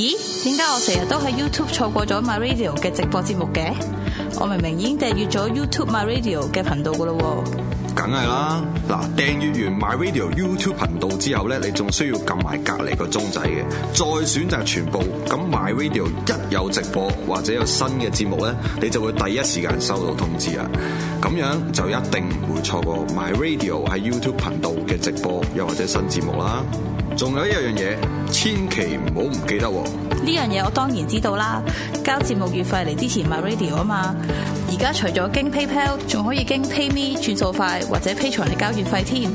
咦？點解我成日都喺 YouTube 錯過咗 My Radio 嘅直播節目嘅？我明明已經訂閱咗 YouTube My Radio 嘅頻道噶啦喎。梗係啦，嗱，訂閱完 My Radio YouTube 頻道之後咧，你仲需要撳埋隔籬個鐘仔嘅，再選擇全部。咁 My Radio 一有直播或者有新嘅節目咧，你就會第一時間收到通知啊！咁樣就一定唔會錯過 My Radio 喺 YouTube 頻道嘅直播又或者新節目啦。仲有一樣嘢，千祈唔好唔記得。呢樣嘢我當然知道啦，交節目月費嚟支持 MyRadio 啊嘛。而家除咗經 PayPal，仲可以經 PayMe 轉數快，或者 Patreon 嚟交月費添。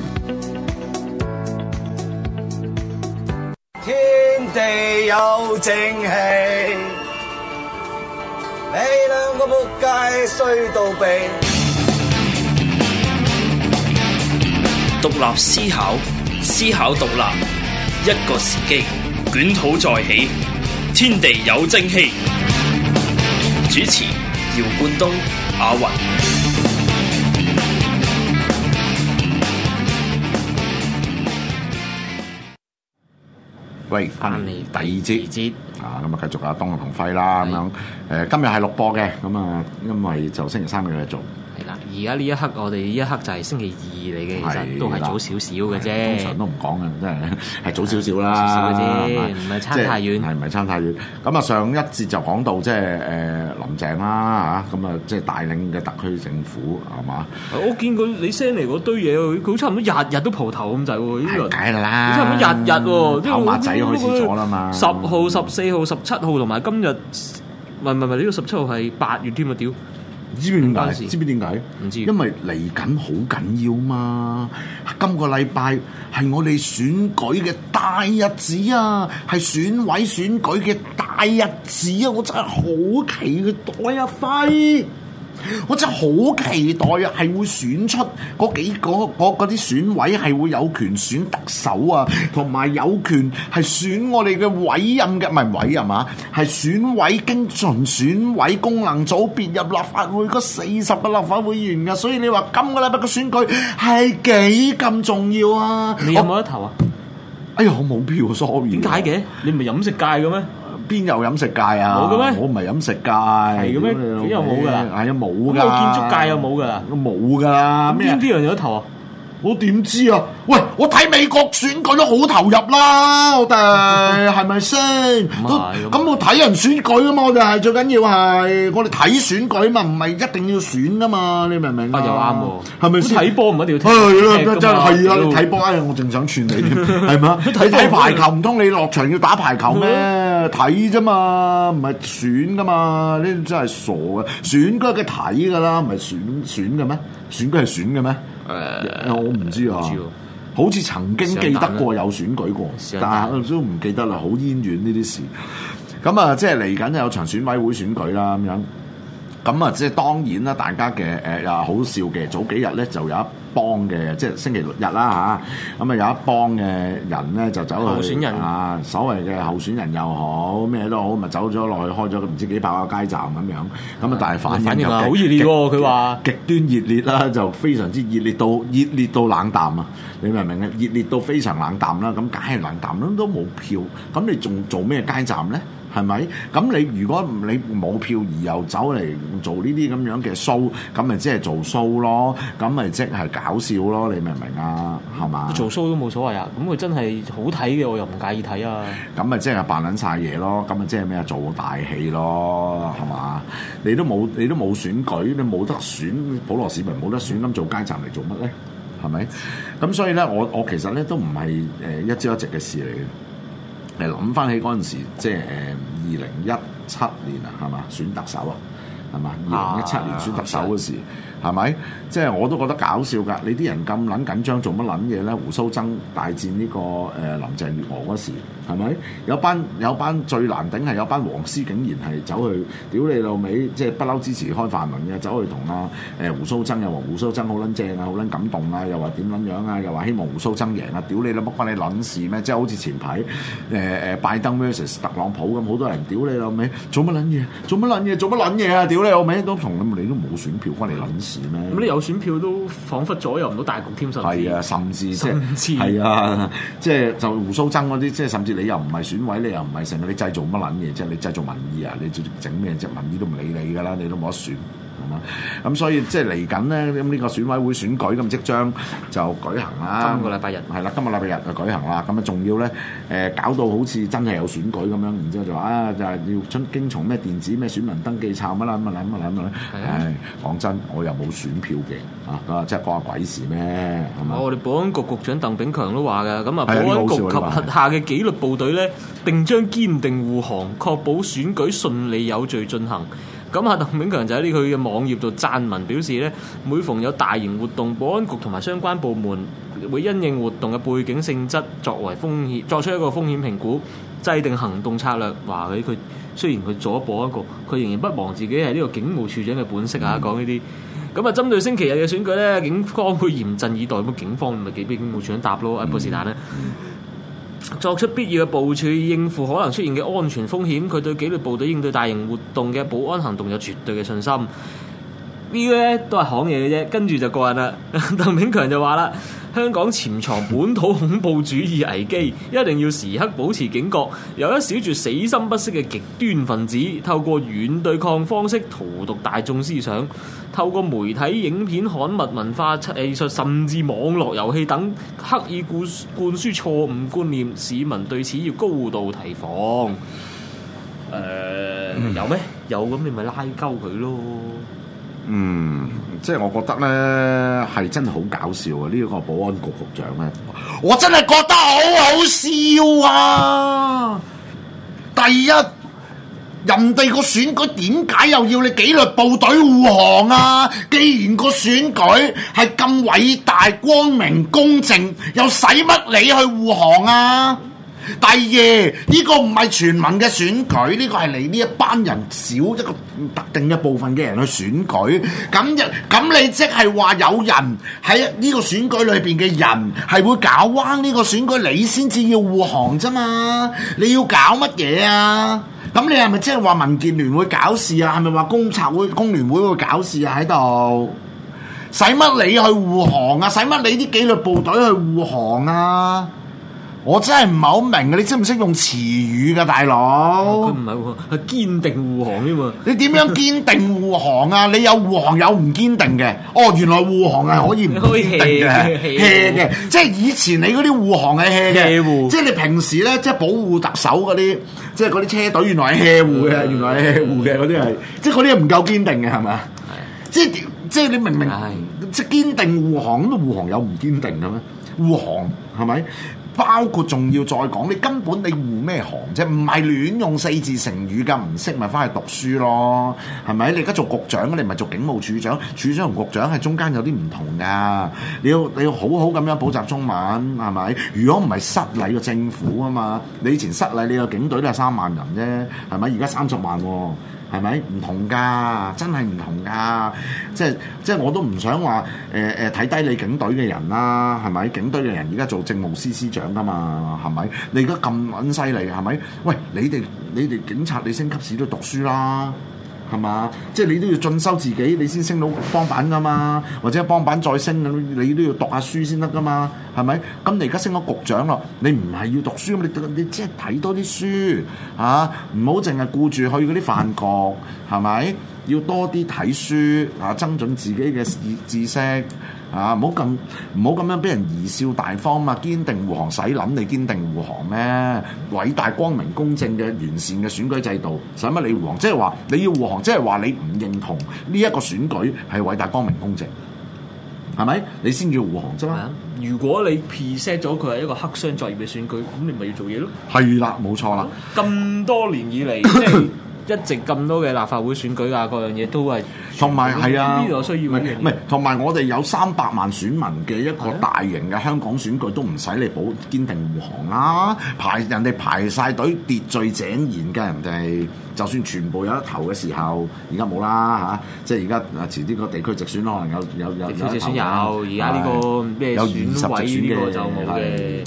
天地有正氣，你兩個仆街衰到痹。獨立思考，思考獨立。一個時機，捲土再起，天地有正氣。主持：姚冠東、阿雲。嚟翻嚟第二節，第二節啊，咁啊繼續阿、啊、東同輝啦，咁樣誒，今日係錄播嘅，咁啊，因為就星期三有嘢做。係啦，而家呢一刻我哋呢一刻就係星期二嚟嘅，其實都係早少少嘅啫。的通常都唔講嘅，真係係早少少的少少啦。少少啫，唔係差太遠。係唔係差太遠？咁啊，上一節就講到即係誒林鄭啦嚇，咁啊，啊即係帶領嘅特區政府係嘛？我見佢你 send 嚟嗰堆嘢，佢差唔多日日都蒲頭咁滯喎。係梗係啦，差唔多日日喎。啲頭馬仔開始咗啦嘛。十號、十四號、十七號同埋今日，唔係唔係呢個十七號係八月添啊屌！知唔知點解？知唔知點解？唔知，因為嚟緊好緊要嘛！今個禮拜係我哋選舉嘅大日子啊，係選委選舉嘅大日子啊！我真係好期待啊，輝！我真係好期待啊！係會選出嗰幾個嗰啲、嗰個嗰個、選委係會有權選特首啊，同埋有權係選我哋嘅委任嘅唔係委任啊？係選委經進選委功能組別入立法會嗰四十個立法會員噶，所以你話今個禮拜嘅選舉係幾咁重要啊？你有冇得投啊？哎呀，我冇票。所以點解嘅？你唔係飲食界嘅咩？邊有飲食界啊？沒，我唔係飲食界，係咁樣，邊有冇㗎？係啊，冇㗎。沒有啊，沒有建築界又冇㗎啦，冇㗎啦。啊、麼邊人有頭啊？我點知啊？喂，我睇美國選舉都好投入啦，我哋係咪先？咁、 啊、我睇人選舉啊嘛，我哋係最緊要係我哋睇選舉嘛，唔係一定要選啊嘛？你明唔明啊？就啱喎，係咪睇波唔一定要睇？係咯，真係啊！睇波啊，我仲想串你，添！係嘛？你睇排球唔通你落場要打排球咩？睇啫嘛，唔係選啊嘛？你真係傻嘅，選舉係睇噶啦，唔係選選嘅咩？選舉係選嘅咩？誒，uh，我唔知啊，知啊好似曾經記得過有選舉過，但係都唔記得啦，好煙遠呢啲事。咁 啊，即係嚟緊有場選委會選舉啦、啊，咁樣。咁啊，即係當然啦、啊，大家嘅誒又好笑嘅。早幾日咧就有一。幫嘅即係星期六日啦嚇，咁啊有一幫嘅人咧就走去啊所謂嘅候選人又、啊、好咩都好，咪走咗落去開咗唔知幾百個街站咁樣，咁啊但係反應好熱烈，佢話極端熱烈啦，啊、就非常之熱烈到熱烈到冷淡啊！你明唔明啊？熱烈到非常冷淡啦，咁梗係冷淡啦，都冇票，咁你仲做咩街站咧？係咪？咁你如果你冇票而又走嚟做呢啲咁樣嘅 show，咁咪即係做 show 咯，咁咪即係搞笑咯，你明唔明啊？係嘛？做 show 都冇所謂啊！咁佢真係好睇嘅，我又唔介意睇啊！咁咪即係扮撚晒嘢咯，咁咪即係咩啊？做大戲咯，係嘛？你都冇你都冇選舉，你冇得選，普羅市民冇得選，咁做街站嚟做乜咧？係咪？咁所以咧，我我其實咧都唔係誒一朝一夕嘅事嚟嘅。誒諗翻起嗰陣時，即係誒二零一七年啊，係嘛選特首啊，係嘛二零一七年選特首嗰時，係咪、啊吧？即係我都覺得搞笑㗎，你啲人咁撚緊張，做乜撚嘢咧？鬍鬚曾大戰呢個誒林鄭月娥嗰時。係咪有班，有班最難頂，係有班黃絲竟然係走去屌你老味，即係不嬲支持開泛民嘅，走去同阿誒胡鬚曾，又話胡鬚曾好撚正啊，好撚感動啊，又話點撚樣啊，又話希望胡鬚曾贏啊！屌你老母關你撚事咩？即係好似前排誒誒拜登 versus 特朗普咁，好多人屌你老味，做乜撚嘢？做乜撚嘢？做乜撚嘢啊？屌你老味？都同你都冇選票關你撚事咩？咁你有選票都仿佛左右唔到大局添，甚至係啊，甚至即至啊，即係、啊就係、就胡鬚曾啲即係甚至。你又唔係選委，你又唔係成日你製造乜撚嘢啫？你製造民意啊？你整咩啫？民意都唔理你㗎啦，你都冇得選。咁啊，咁、嗯、所以即係嚟緊咧，咁、這、呢個選委會選舉咁即將就舉行啦。三個禮拜日係啦，今個禮拜日就舉行啦。咁啊，仲要咧，誒搞到好似真係有選舉咁樣，然之後就話啊，就係、是、要遵經從咩電子咩選民登記冊乜啦乜啦乜啦乜啦！唉，講的、哎、真，我又冇選票嘅啊，即係講下鬼事咩？哦，我哋保安局局、局長鄧炳強都話嘅，咁、嗯、啊，保安局及轄下嘅紀律部隊咧，定將堅定護航，確保選舉順利有序進行。咁啊，鄧炳強就喺啲佢嘅網頁度撰文表示咧，每逢有大型活動，保安局同埋相關部門會因應活動嘅背景性質，作為風險作出一個風險評估，制定行動策略。話佢佢雖然佢做咗保安局，佢仍然不忘自己係呢個警務處長嘅本色啊！講呢啲，咁啊，針對星期日嘅選舉咧，警方會嚴陣以待，咁警方咪幾俾警務處長答咯，一、嗯哎、是但咧。作出必要嘅部署應付可能出現嘅安全風險，佢對紀律部隊應對大型活動嘅保安行動有絕對嘅信心。呢個咧都係行嘢嘅啫，跟住就過人啦。 鄧炳強就話啦。香港潛藏本土恐怖主義危機，一定要時刻保持警覺。有一小撮死心不息嘅極端分子，透過軟對抗方式荼毒大眾思想，透過媒體、影片、刊物文化、藝術，甚至網絡遊戲等，刻意灌灌輸錯誤觀念。市民對此要高度提防。誒、呃嗯，有咩有咁？你咪拉鳩佢咯。嗯，即係我覺得呢係真係好搞笑啊！呢、這個保安局局長呢，我真係覺得好好笑啊！第一，人哋個選舉點解又要你紀律部隊護航啊？既然個選舉係咁偉大、光明、公正，又使乜你去護航啊？第二呢個唔係全民嘅選舉，呢個係嚟呢一班人少一個特定嘅部分嘅人去選舉。咁咁你即係話有人喺呢個選舉裏邊嘅人係會搞彎呢個選舉，你先至要護航啫嘛？你要搞乜嘢啊？咁你係咪即係話民建聯會搞事啊？係咪話工籌會工聯會會搞事啊？喺度使乜你去護航啊？使乜你啲紀律部隊去護航啊？我真係唔係好明啊，你識唔識用詞語㗎大佬？佢唔係喎，係堅定護航啫嘛。你點樣堅定護航啊？你有護航有唔堅定嘅？哦，原來護航係可以唔堅定嘅嘅，即係以前你嗰啲護航係 hea 嘅，即係你平時咧，即係保護特首嗰啲，即係嗰啲車隊，原來係 hea 護嘅，原來 hea 護嘅嗰啲係，即係嗰啲唔夠堅定嘅係咪？啊，即係即係你明明即係堅定護航，咁護航有唔堅定嘅咩？護航係咪？包括仲要再講，你根本你胡咩行啫？唔係亂用四字成語噶，唔識咪返去讀書咯，係咪？你而家做局長，你咪做警務處長，處長同局長喺中間有啲唔同噶，你要你要好好咁樣補習中文，係咪？如果唔係失禮個政府啊嘛，你以前失禮你個警隊都係三萬人啫，係咪？而家三十萬啊。係咪唔同㗎？真係唔同㗎！即係即係我都唔想話誒誒睇低你警隊嘅人啦，係咪？警隊嘅人而家做政務司司長㗎嘛，係咪？你而家咁撚犀利，係咪？喂，你哋你哋警察，你升級時都讀書啦。係嘛？即係你都要進修自己，你先升到幫板㗎嘛。或者幫板再升，你都要讀下書先得㗎嘛。係咪？咁你而家升咗局長咯，你唔係要讀書，你你即係睇多啲書嚇，唔好淨係顧住去嗰啲飯局，係咪？要多啲睇書啊，增進自己嘅知識。啊！唔好咁唔好咁樣俾人貽笑大方啊，堅定護航，使諗你堅定護航咩？偉大光明公正嘅完善嘅選舉制度，使乜你護航？即係話你要護航，即係話你唔認同呢一個選舉係偉大光明公正，係咪？你先叫護航啫嘛、啊啊！如果你 pre-set 咗佢係一個黑箱作業嘅選舉，咁你咪要做嘢咯？係啦、啊，冇錯啦！咁多年以嚟， 即係一直咁多嘅立法會選舉啊，嗰樣嘢都係。同埋係啊，呢度需要嘅嘢。唔係，同埋我哋有三百萬選民嘅一個大型嘅香港選舉，都唔使你保堅定護航啦、啊。排人哋排晒隊秩序井然嘅人哋，就算全部有得投嘅時候，而家冇啦嚇、啊。即係而家啊，遲啲個地區直選可能有有有，有，而家呢個咩是選委選嘅就冇嘅。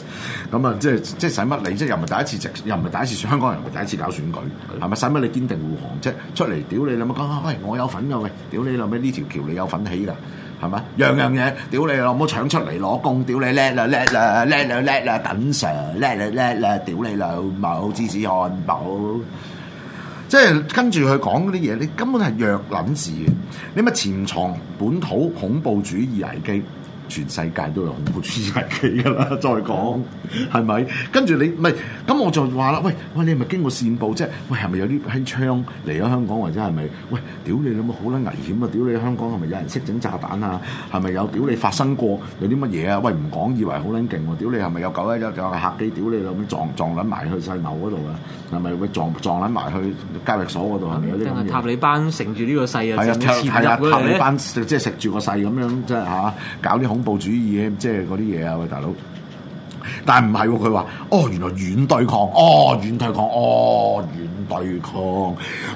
咁啊，即係即係使乜你？即係又唔係第一次直，又唔係第一次選一次香港人，唔係第一次搞選舉，係咪使乜你堅定護航啫？即出嚟屌你啦！咪講講，喂、哎，我有份嘅。哎屌你老味！呢條橋你有份起噶，係咪？樣樣嘢，屌你老母搶出嚟攞工，屌你叻啦叻啦叻啦叻啦等 Sir，叻啦叻啦！屌你老母芝士漢堡，即係跟住佢講嗰啲嘢，你根本係弱撚字嘅，你咪潛藏本土恐怖主義危機。全世界都有恐怖主義危機㗎啦，再講係咪？跟住你唔係咁我就話啦，喂喂，你係咪經過線報啫？喂，係咪有啲黑槍嚟咗香港，或者係咪？喂，屌你老母好撚危險啊！屌你香港係咪有人識整炸彈啊？係咪有屌你發生過有啲乜嘢啊？喂，唔講以為好撚勁喎！屌你係咪有九一一有客機屌你咁撞撞撚埋去細樓嗰度啊？係咪會撞撞撚埋去交易所嗰度係咪？是是有啲、啊、塔利班乘住呢個勢啊，係啊係啊塔利班即係食住個勢咁樣即係嚇搞啲恐。恐怖主義即係嗰啲嘢啊，喂大佬！但係唔係佢話，哦原來軟對抗，哦軟對抗，哦軟對抗，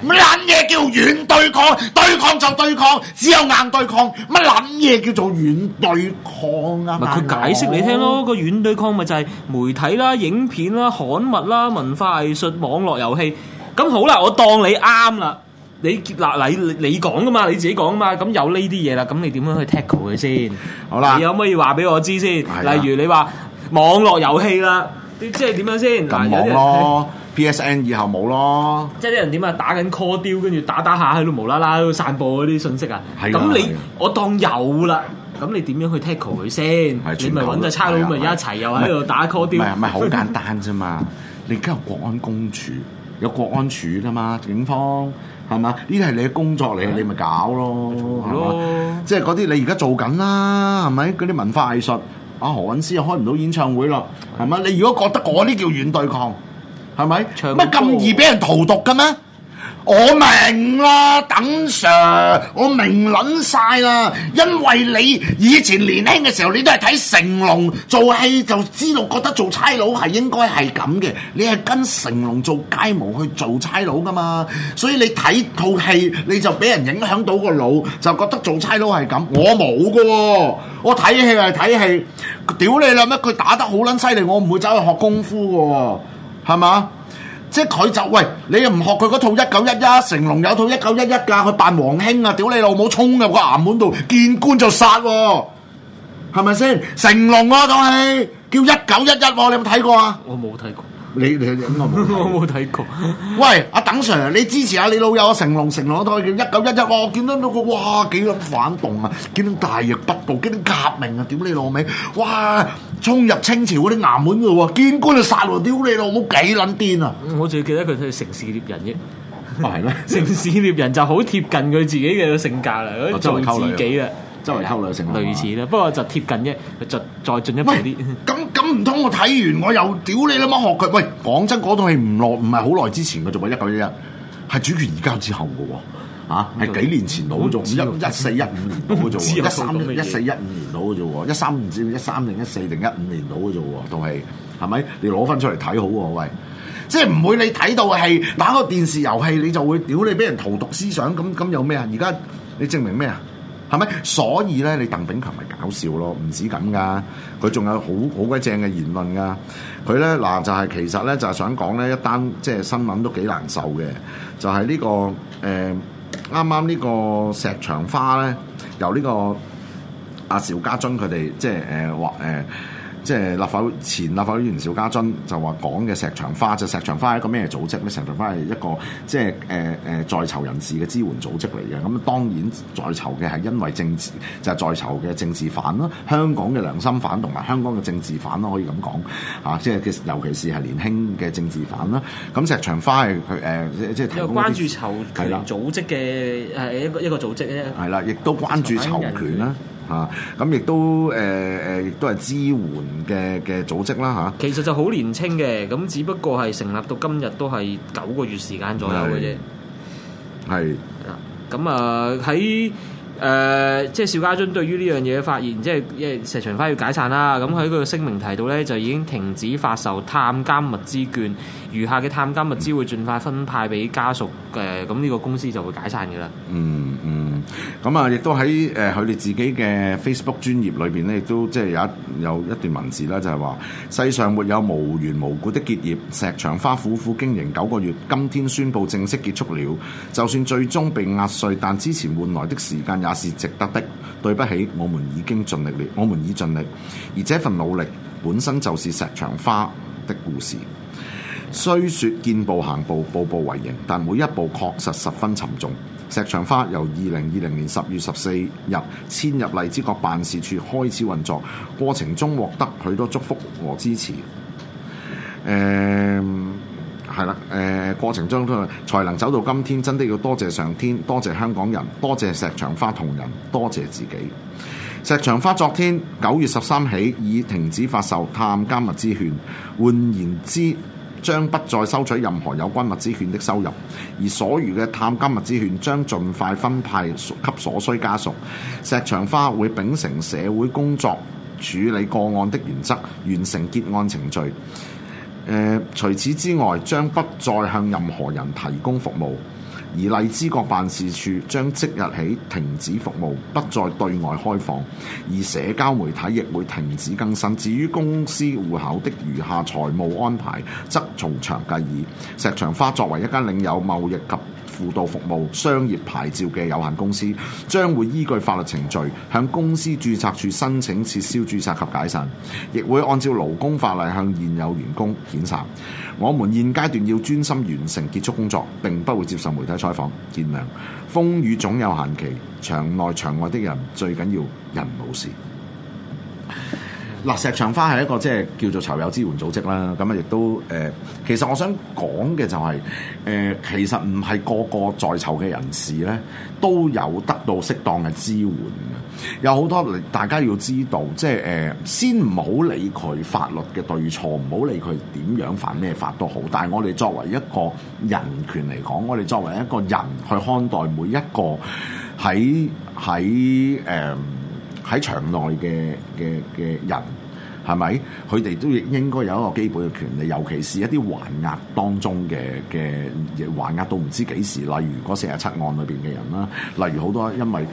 乜捻嘢叫軟對抗？對抗就對抗，只有硬對抗，乜捻嘢叫做軟對抗啊？佢解釋你聽咯，個軟對抗咪就係媒體啦、影片啦、刊物啦、文化藝術、網絡遊戲。咁好啦，我當你啱啦。你結納你講噶嘛？你自己講嘛？咁有呢啲嘢啦，咁你點樣去 tackle 佢先？好啦，你可唔可以話俾我知先？例如你話網絡遊戲啦，即係點樣先？咁網咯，PSN 以後冇咯。即係啲人點啊？打緊 call dial 跟住打打下喺度無啦啦散播嗰啲信息啊？咁你我當有啦。咁你點樣去 tackle 佢先？你咪揾個差佬咪一齊又喺度打 call dial 唔係，唔係好簡單啫嘛？你而家有國安公署，有國安署噶嘛？警方。係嘛？呢啲係你嘅工作嚟，你咪搞咯，係嘛的？吧即係嗰啲你而家做緊啦，係咪？嗰啲文化藝術，阿何韻詩又開唔到演唱會咯，係咪？的你如果覺得嗰啲叫軟對抗，係咪？乜咁歌易俾人荼毒嘅咩？我明啦，鄧 Sir，我明捻晒啦，因為你以前年輕嘅時候，你都係睇成龍做戲，就知道覺得做差佬係應該係咁嘅。你係跟成龍做街模去做差佬噶嘛，所以你睇套戲你就俾人影響到個腦，就覺得做差佬係咁。我冇噶喎，我睇戲係睇戲，屌你啦咩？佢打得好撚犀利，我唔會走去學功夫噶喎，哦，係嘛？即係佢就喂，你又唔學佢套 11, 一九一一。成龍有套一九一一㗎，佢扮黃興啊，屌你老母，衝入個衙門度，見官就殺。啊，係咪先？成龍喎，都係叫一九一一喎，你有冇睇過啊？我冇睇過。你你我冇睇過。喂，阿鄧 Sir，你支持下你老友啊！成龍，成龍都可以叫一九一一。哇，我見到嗰個哇幾咁反動啊！見到大逆不道，見到革命啊！屌你老味，哇！衝入清朝嗰啲衙門㗎喎，見官就殺喎，屌你老母幾撚癲啊！我仲記得佢係城市獵人啫。哇，係咩？城市獵人就好貼近佢自己嘅性格啦，佢做自己嘅。周圍溝女成類似咧，嗎不過就貼近啫，就再進一步啲。咁咁唔通我睇完我又屌你老母學佢？喂，講真，嗰套戲唔耐，唔係好耐之前嘅，做一九一一，係主權移交之後嘅喎，嚇、啊、係幾年前老咗？做一一四一五年到嘅，做一三一四一五年到嘅啫喎，一三唔知一三定一四定一五年到嘅啫喎，套戲係咪？你攞翻出嚟睇好喎，喂，即係唔會你睇到係打個電視遊戲你就會屌你俾人荼毒思想咁咁有咩啊？而家你證明咩啊？係咪？所以咧，你鄧炳強咪搞笑咯，唔止咁噶，佢仲有好好鬼正嘅言論噶。佢咧嗱就係、是、其實咧就係、是、想講咧一單即係新聞都幾難受嘅，就係、是、呢、這個誒啱啱呢個石牆花咧由呢、這個阿、啊、邵家臻佢哋即係誒話誒。呃呃即係立法前立法議員邵家臻就話講嘅石牆花就是、石牆花係一個咩組織咧？石牆花係一個即係誒誒在囚人士嘅支援組織嚟嘅。咁、嗯、當然在囚嘅係因為政治就係、是、在囚嘅政治犯啦，香港嘅良心犯同埋香港嘅政治犯啦，可以咁講嚇。即、啊、係尤其是係年輕嘅政治犯啦。咁、嗯、石牆花係佢誒即係即係關注囚權組織嘅係啦一個一個組織咧。係啦，亦都關注囚權啦。啊，咁亦都誒誒，亦、呃、都係支援嘅嘅組織啦嚇。其實就好年青嘅，咁只不過係成立到今日都係九個月時間左右嘅啫。係咁啊喺誒，即係邵家臻對於呢樣嘢嘅發言，即係因為石牆花要解散啦。咁喺佢嘅聲明提到咧，就已經停止發售探監物資券，餘下嘅探監物資會盡快分派俾家屬嘅。咁呢個公司就會解散嘅啦。嗯嗯。嗯嗯嗯。咁啊，亦都喺誒佢哋自己嘅 Facebook 專頁裏邊咧，亦都即係有一有一段文字啦，就係話世上沒有無緣無故的結業。石牆花苦苦經營九個月，今天宣布正式結束了。就算最終被壓碎，但之前換來的時間也是值得的。對不起，我們已經盡力了，我們已盡力,已盡力，而這份努力本身就是石牆花的故事。雖說見步行步，步步為營，但每一步確實十分沉重。石牆花由二零二零年十月十四日遷入荔枝角辦事處開始運作，過程中獲得許多祝福和支持。誒、嗯，係啦，誒、呃，過程中都才能走到今天，真的要多謝上天，多謝香港人，多謝石牆花同仁，多謝自己。石牆花昨天九月十三起已停止發售《探監物資券》，換言之，將不再收取任何有關物資券的收入，而所餘嘅探金物資券將盡快分派給所需家屬。石牆花會秉承社會工作處理個案的原則，完成結案程序，呃，除此之外，將不再向任何人提供服務。而荔枝角辦事處將即日起停止服務，不再對外開放，而社交媒體亦會停止更新。至於公司戶口的餘下財務安排，則從長計議。石牆花作為一間領有貿易及輔導服務商業牌照嘅有限公司，將會依據法律程序向公司註冊處申請撤銷註冊及解散，亦會按照勞工法例向現有員工遣散。我們現階段要專心完成結束工作，並不會接受媒體採訪。見諒，風雨總有限期，場內場外的人最緊要人冇事。 嗱，石牆花係一個即係叫做囚友支援組織啦，咁啊亦都誒、呃，其實我想講嘅就係、是、誒、呃，其實唔係個個在囚嘅人士咧都有得到適當嘅支援嘅，有好多大家要知道，即係誒、呃，先唔好理佢法律嘅對錯，唔好理佢點樣犯咩法都好，但係我哋作為一個人權嚟講，我哋作為一個人去看待每一個喺喺誒。喺場內嘅嘅嘅人係咪？佢哋都亦應該有一個基本嘅權利，尤其是一啲還押當中嘅嘅亦還押到唔知幾時。例如嗰四十七案裏邊嘅人啦，例如好多因為誒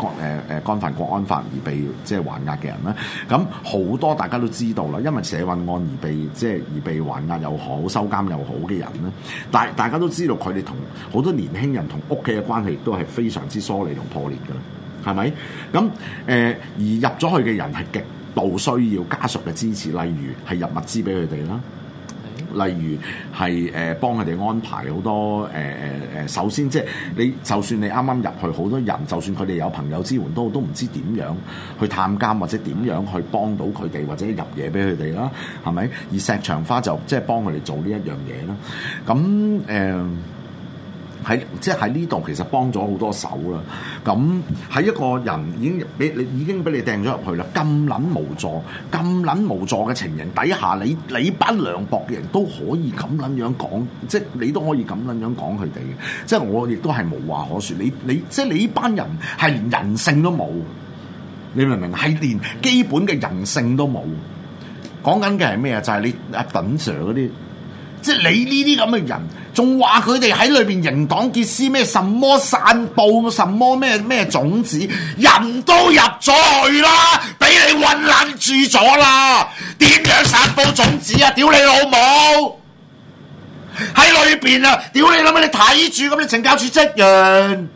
誒幹犯國安法而被即係還押嘅人啦，咁好多大家都知道啦，因為社運案而被即係、就是、而被還押又好、收監又好嘅人啦，但係大家都知道佢哋同好多年輕人同屋企嘅關係都係非常之疏離同破裂㗎。係咪？咁誒、呃、而入咗去嘅人係極度需要家屬嘅支持，例如係入物資俾佢哋啦，例如係誒、呃、幫佢哋安排好多誒誒誒。首先即係、就是、你就算你啱啱入去，好多人就算佢哋有朋友支援都都唔知點樣去探監或者點樣去幫到佢哋或者入嘢俾佢哋啦，係咪？而石牆花就即係、就是、幫佢哋做呢一樣嘢啦。咁誒。呃喺即喺呢度其實幫咗好多手啦，咁喺一個人已經俾你已經俾你掟咗入去啦，咁撚無助、咁撚無助嘅情形底下，你你班涼薄嘅人都可以咁撚樣講，即你都可以咁撚樣講佢哋嘅，即我亦都係無話可説，你你即你呢班人係連人性都冇，你明唔明？係連基本嘅人性都冇，講緊嘅係咩啊？就係、是、你阿 Donald 嗰啲。即係你呢啲咁嘅人，仲話佢哋喺裏邊營黨結私咩？什麼散布什麼咩咩種子？人都入咗去啦，俾你混亂住咗啦，點樣散布種子啊？屌你老母！喺裏邊啊！屌你諗乜？你睇住咁你懲教署職員，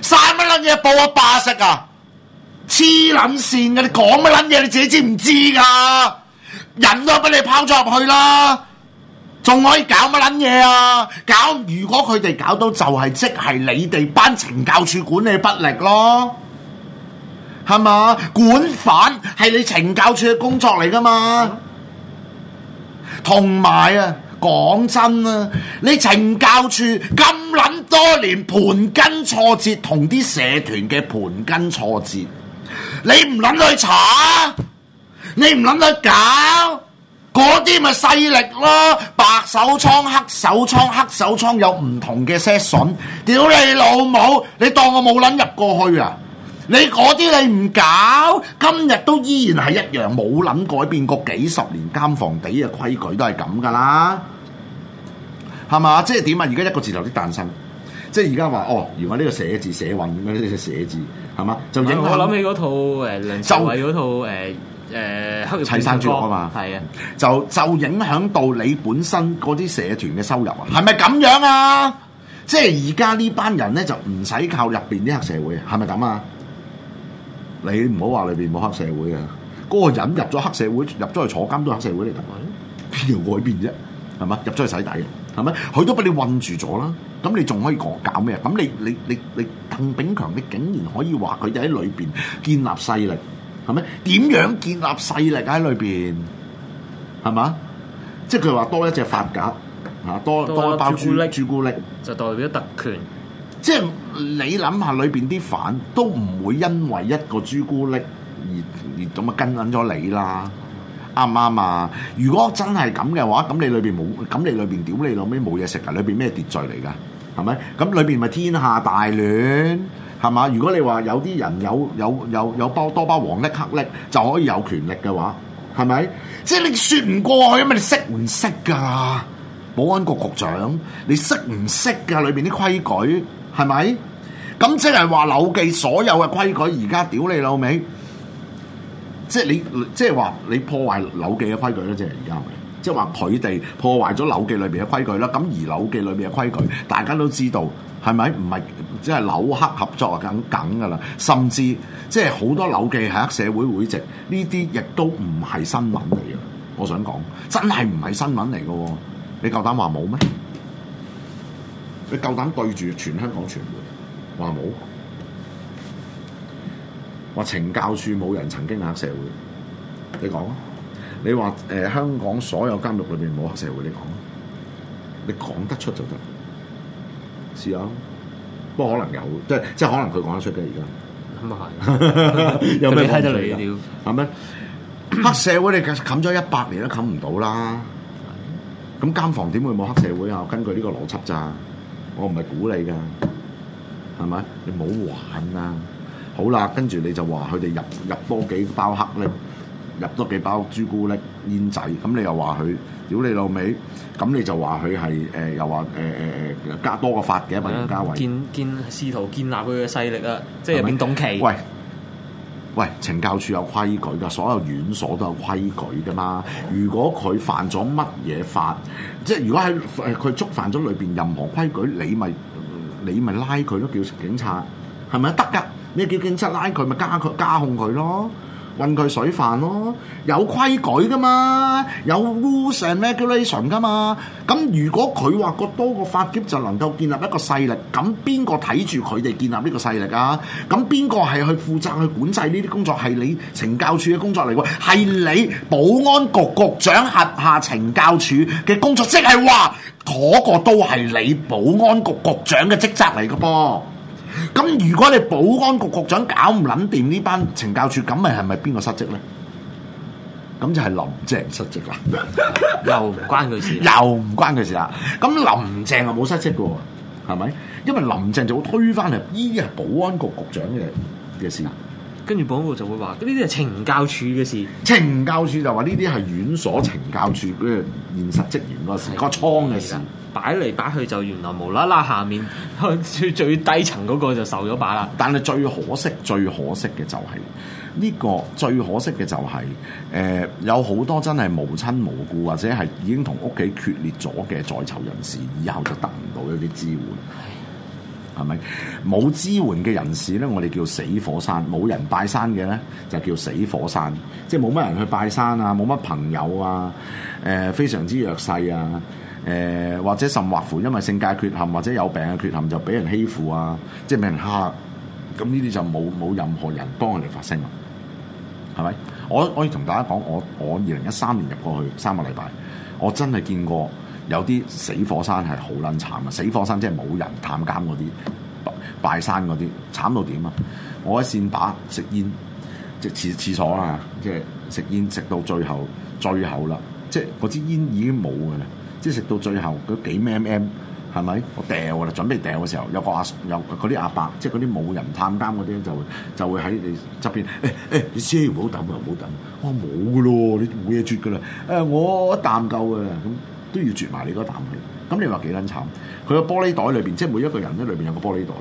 散乜捻嘢布啊？霸食啊！黐捻線㗎，你講乜捻嘢？你自己知唔知㗎、啊？人都俾你拋咗入去啦！仲可以搞乜撚嘢啊？搞如果佢哋搞到就係、是、即係你哋班懲教署管理不力咯，係嘛？管犯係你懲教署嘅工作嚟噶嘛？同埋啊，講真啊，你懲教署咁撚多年盤根錯節同啲社團嘅盤根錯節，你唔諗去查，你唔諗去搞？嗰啲咪勢力咯，白手倉、黑手倉、黑手倉有唔同嘅些筍，屌你老母！你當我冇撚入過去啊？你嗰啲你唔搞，今日都依然係一樣，冇撚改變過幾十年監房地嘅規矩都係咁噶啦，係嘛？即係點啊？而家一個字頭的誕生，即係而家話哦，原來呢個寫字寫運嗰啲寫字，係嘛？就我諗起嗰套誒，周圍嗰套誒。誒，砌、呃、生豬肉啊嘛，的就就影響到你本身嗰啲社團嘅收入啊，係咪咁樣啊？即係而家呢班人咧就唔使靠入邊啲黑社會，係咪咁啊？你唔好話裏邊冇黑社會啊，嗰、那個人入咗黑社會，入咗去坐監都黑社會嚟㗎，邊 有外邊啫？係嘛，入咗去洗底，係咪？佢都俾你困住咗啦，咁你仲可以講搞咩啊？咁你你你你鄧炳強，你竟然可以話佢就喺裏邊建立勢力？係咪？點樣建立勢力喺裏邊？係嘛？即係佢話多一隻發夾，嚇多多一包朱朱古力，就代表特權。即係你諗下，裏邊啲犯都唔會因為一個朱古力而而咁啊跟緊咗你啦，啱唔啱啊？如果真係咁嘅話，咁你裏邊冇，咁你裏邊屌你老味冇嘢食啊？裏邊咩秩序嚟㗎？係咪？咁裏邊咪天下大亂？係嘛？如果你話有啲人有有有有包多包黃粒黑粒就可以有權力嘅話，係咪？即係你説唔過去啊嘛！你識唔識㗎？保安局局長，你識唔識㗎？裏邊啲規矩係咪？咁即係話柳記所有嘅規，規，規矩，而家屌你老味！即係你即係話你破壞柳記嘅規矩咧，即係而家係咪？即係話佢哋破壞咗柳記裏邊嘅規矩啦。咁而柳記裏邊嘅規矩，大家都知道係咪？唔係。即係紐黑合作啊，梗梗㗎啦，甚至即係好多紐記係黑社會會籍，呢啲亦都唔係新聞嚟嘅。我想講，真係唔係新聞嚟嘅喎，你夠膽話冇咩？你夠膽對住全香港傳媒話冇？話懲教處冇人曾經黑社會，你講啊？你話誒、呃、香港所有監獄裏邊冇黑社會，你講啊？你講得出就得，試下。不過可能有，即係即係可能佢講得出嘅而家。咁是 啊，又未睇到你料，係咪？黑社會你禁咗一百年都禁唔到啦。咁監 房點會冇黑社會啊？根據呢個邏輯咋？我唔係估你噶，係咪？ 你唔好玩啊！好啦，跟住你就話佢哋入入多幾包黑咧，入多幾包朱古力煙仔，咁你又話佢。屌你老味，咁你就話佢係誒，又話誒誒加多個法嘅，人家偉建建試圖建立佢嘅勢力啊，即係變動棋。喂喂，懲教處有規矩噶，所有院所都有規矩噶嘛。如果佢犯咗乜嘢法，即係如果喺佢觸犯咗裏邊任何規矩，你咪你咪拉佢咯，叫警察，係咪得噶？你叫警察拉佢咪加佢加控佢咯。運佢水飯咯，有規矩噶嘛，有 rules and regulation 噶嘛，咁、嗯、如果佢話個多個發劫就能夠建立一個勢力，咁邊個睇住佢哋建立呢個勢力啊？咁邊個係去負責去管制呢啲工作？係你懲教處嘅工作嚟喎，係你保安局局長轄下懲教處嘅工作，即係話嗰個都係你保安局局長嘅職責嚟嘅噃。咁如果你保安局局長搞唔捻掂呢班懲教處，咁咪係咪邊個失職咧？ 咁就係林鄭失職啦，又唔關佢事，又唔關佢事啦。咁林鄭又冇失職嘅，係咪？因為林鄭就會推返嚟呢啲係保安局局長嘅嘅事，跟住保安局就會話呢啲係懲教處嘅事，懲教處就話呢啲係院所懲教處嘅現實職員個事，的個倉嘅事。擺嚟擺去就原來無啦啦下面最最低層嗰個就受咗把啦。但係最可惜、最可惜嘅就係、是、呢、這個最可惜嘅就係、是，誒、呃、有好多真係無親無故或者係已經同屋企決裂咗嘅在囚人士，以後就得唔到一啲支援，係咪？冇支援嘅人士咧，我哋叫死火山，冇人拜山嘅咧就叫死火山，即係冇乜人去拜山啊，冇乜朋友啊，誒、呃、非常之弱勢啊。誒、呃、或者甚或乎，因為性格缺陷或者有病嘅缺陷就俾人欺負啊，即係俾人蝦。咁呢啲就冇冇任何人幫佢哋發聲啦，係咪？我我要同大家講，我我二零一三年入過去三個禮拜，我真係見過有啲死火山係好撚慘啊！死火山即係冇人探監嗰啲拜山嗰啲，慘到點啊？我喺線打食煙，即係廁廁所啦，即係食煙食到最後最後啦，即係嗰支煙已經冇嘅啦。即係食到最後嗰幾 mm 係咪？我掉㗎啦，準備掉嘅時候有個阿有啲阿伯，即係嗰啲冇人探監嗰啲咧，就就會喺你側邊誒誒，你遮唔好抌，唔好抌。我冇㗎咯，你冇嘢絕㗎啦。誒、哎，我一啖夠嘅，咁都要絕埋你嗰啖嚟。咁你話幾撚慘？佢個玻璃袋裏邊，即係每一個人都裏邊有個玻璃袋。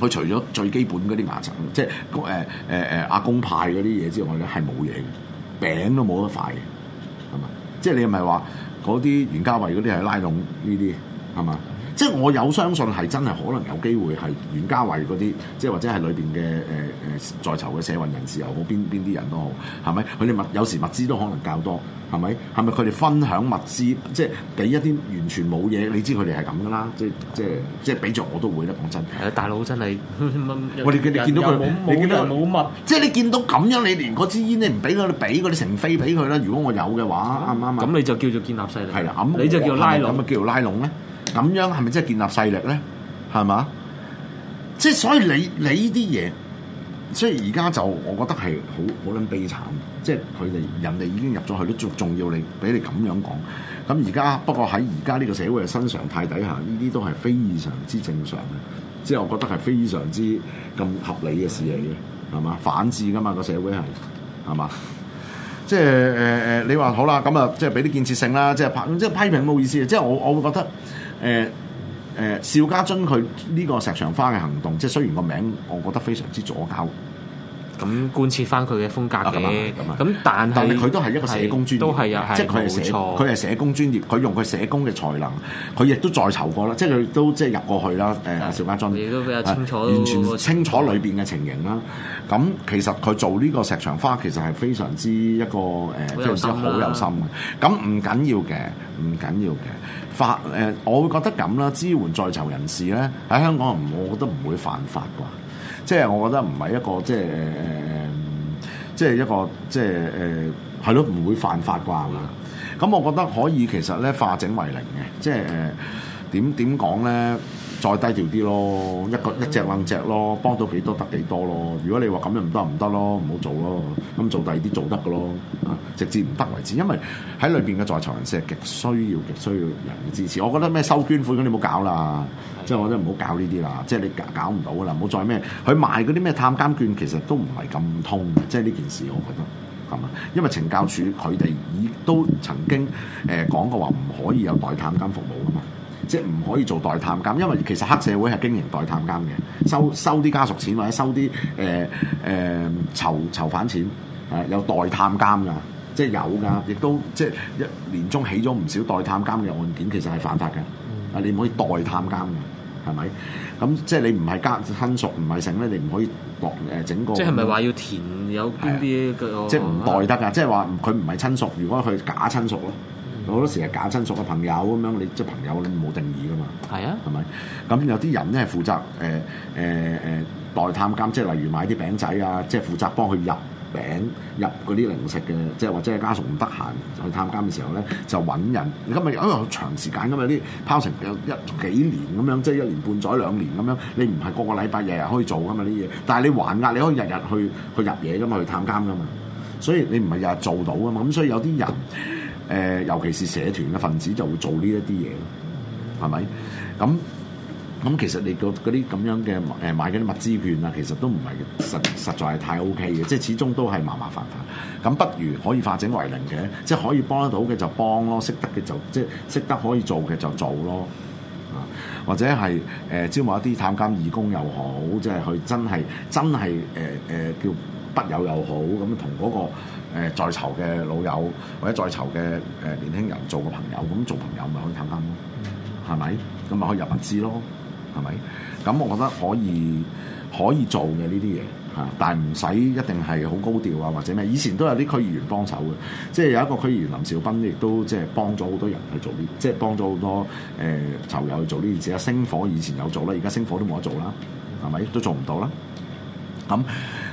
佢除咗最基本嗰啲牙刷，即係誒誒誒阿公派嗰啲嘢之外咧，係冇嘢嘅，餅都冇得快。嘅，係嘛？即係你係咪話？嗰啲袁嘉蔚嗰啲係拉攏呢啲係嘛？即係我有相信係真係可能有機會係袁嘉蔚嗰啲，即係或者係裏邊嘅誒誒在囚嘅社運人士又好，邊邊啲人都好，係咪？佢哋物有時物資都可能較多。係咪？係咪佢哋分享物資，即係俾一啲完全冇嘢。你知佢哋係咁噶啦，即係即係即係俾著我都會啦。講真，大佬真係，我哋見你見到佢，你冇物，即係你見到咁樣，你連嗰支煙你唔俾佢，你俾啲成飛俾佢啦。如果我有嘅話，啱唔啱啊？咁吧你就叫做建立勢力，係啦的，你就叫做拉攏，咁咪叫做拉攏咧？咁樣係咪即係建立勢力咧？係嘛？即係所以你你啲嘢。所以而家就我覺得係好好撚悲慘，即係佢哋人哋已經入咗去都仲重要仲要你，你俾你咁樣講。咁而家不過喺而家呢個社會嘅新常態底下，呢啲都係非常之正常嘅，即係我覺得係非常之咁合理嘅事嚟嘅，係嘛？反智噶嘛個社會係，係嘛？即係誒誒，你話好啦，咁啊，即係俾啲建設性啦，即係批即係批評冇意思，即係我我會覺得誒。呃誒、呃，邵家臻佢呢個石牆花嘅行動，即係雖然個名，我覺得非常之左膠。咁貫徹翻佢嘅風格嘅，咁啊，咁、嗯嗯嗯、但係是佢都係一個社工專業，都是是即係佢係社，佢係錯社，社工專業，佢用佢社工嘅才能，佢亦都在囚過啦，即係佢都即係入過去啦。誒、呃，邵家臻你都比較清楚，完全清楚裏邊嘅情形啦。咁其實佢做呢個石牆花，其實係非常之一個誒，呃、非常之好有心嘅。咁唔緊要嘅，唔緊要嘅。法誒，我會覺得咁啦，支援在囚人士咧喺香港，我覺得唔會犯法啩，即係我覺得唔係一個即係誒、呃、即係一個即係誒係咯，唔、呃、會犯法啩咁。我覺得可以其實咧化整為零嘅，即係誒點點講咧。呃再低調啲咯，一個一隻兩隻咯，幫到幾多得幾多咯。如果你話咁樣唔得唔得咯，唔好做咯。咁做第二啲做得嘅咯，直至唔得為止。因為喺裏邊嘅在場人士係極需要極需要人嘅支持。我覺得咩收捐款咁你唔好搞啦的，即係我覺得唔好搞呢啲啦。即係你搞唔到嘅啦，唔好再咩。佢賣嗰啲咩探監券，其實都唔係咁通嘅。即係呢件事，我覺得咁啊。因為懲教署佢哋已都曾經誒講過話，唔可以有代探監服務嘅嘛。即係唔可以做代探監，因為其實黑社會係經營代探監嘅，收收啲家屬錢或者收啲誒誒囚囚犯錢，係、呃、有代探監㗎，即係有㗎，亦都即係一年中起咗唔少代探監嘅案件，其實係犯法嘅。啊、嗯，你唔可以代探監㗎，係咪？咁即係你唔係家親屬，唔係成咧，你唔可以攞誒整個。即係咪話要填有邊啲嘅？即係唔代得㗎，嗯、即係話佢唔係親屬，如果佢係假親屬咯。好多時係假親屬嘅朋友咁樣，你即係朋友你冇定義噶嘛？係啊，係咪？咁有啲人咧係負責誒誒誒代探監，即係例如買啲餅仔啊，即係負責幫佢入餅入嗰啲零食嘅，即係或者係家屬唔得閒去探監嘅時候咧，就揾人。咁日因為好長時間，咁日啲拋成有一幾年咁樣，即係一年半載兩年咁樣，你唔係個個禮拜日日可以做噶嘛呢嘢？但係你還押你可以日日去去入嘢噶嘛去探監噶嘛？所以你唔係日日做到噶嘛？咁所以有啲人。誒，尤其是社團嘅份子就會做呢一啲嘢咯，係咪？咁咁其實你嗰啲咁樣嘅誒買嗰啲物資券啊，其實都唔係實實在係太 OK 嘅，即係始終都係麻麻煩煩煩。咁不如可以化整為零嘅，即係可以幫得到嘅就幫咯，識得嘅就即係識得可以做嘅就做咯。啊，或者係誒、呃、招募一啲探監義工又好，即係去真係真係誒誒叫。筆友又好咁，同嗰個在囚嘅老友或者在囚嘅誒年輕人做個朋友，咁做朋友咪可以探監咯，係咪？咁咪可以入物資咯，係咪？咁我覺得可以可以做嘅呢啲嘢吓，但係唔使一定係好高調啊，或者咩？以前都有啲區議員幫手嘅，即係有一個區議員林兆斌亦都即係幫咗好多人去做呢，即係幫咗好多誒囚、呃、友去做呢件事。星火以前有做啦，而家星火都冇得做啦，係咪？都做唔到啦，咁。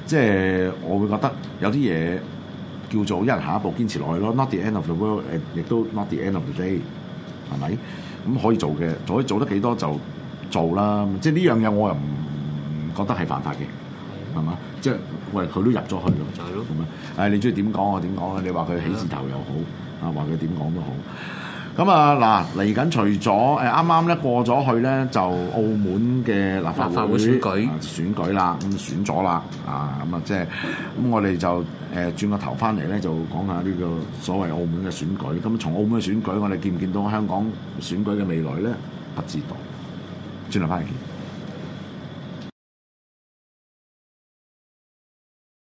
即係我會覺得有啲嘢叫做一人下一步堅持落去咯，not the end of the world，亦都 not the end of the day，係咪？咁、嗯、可以做嘅，做做得幾多就做啦。即係呢樣嘢我又唔覺得係犯法嘅，係嘛？即係喂，佢都入咗去咯，就係咯。咁樣吧，誒你中意點講我點講啦？你話佢起字頭又好，啊話佢點講都好。咁啊嗱，嚟緊除咗誒啱啱咧過咗去咧，就澳門嘅立法會選舉選舉啦，咁選咗啦啊，咁、嗯、啊、嗯、即係咁、嗯、我哋就誒、呃、轉個頭翻嚟咧，就講下呢個所謂澳門嘅選舉。咁、嗯、從澳門嘅選舉，我哋見唔見到香港選舉嘅未來咧？不知道。轉頭翻嚟見。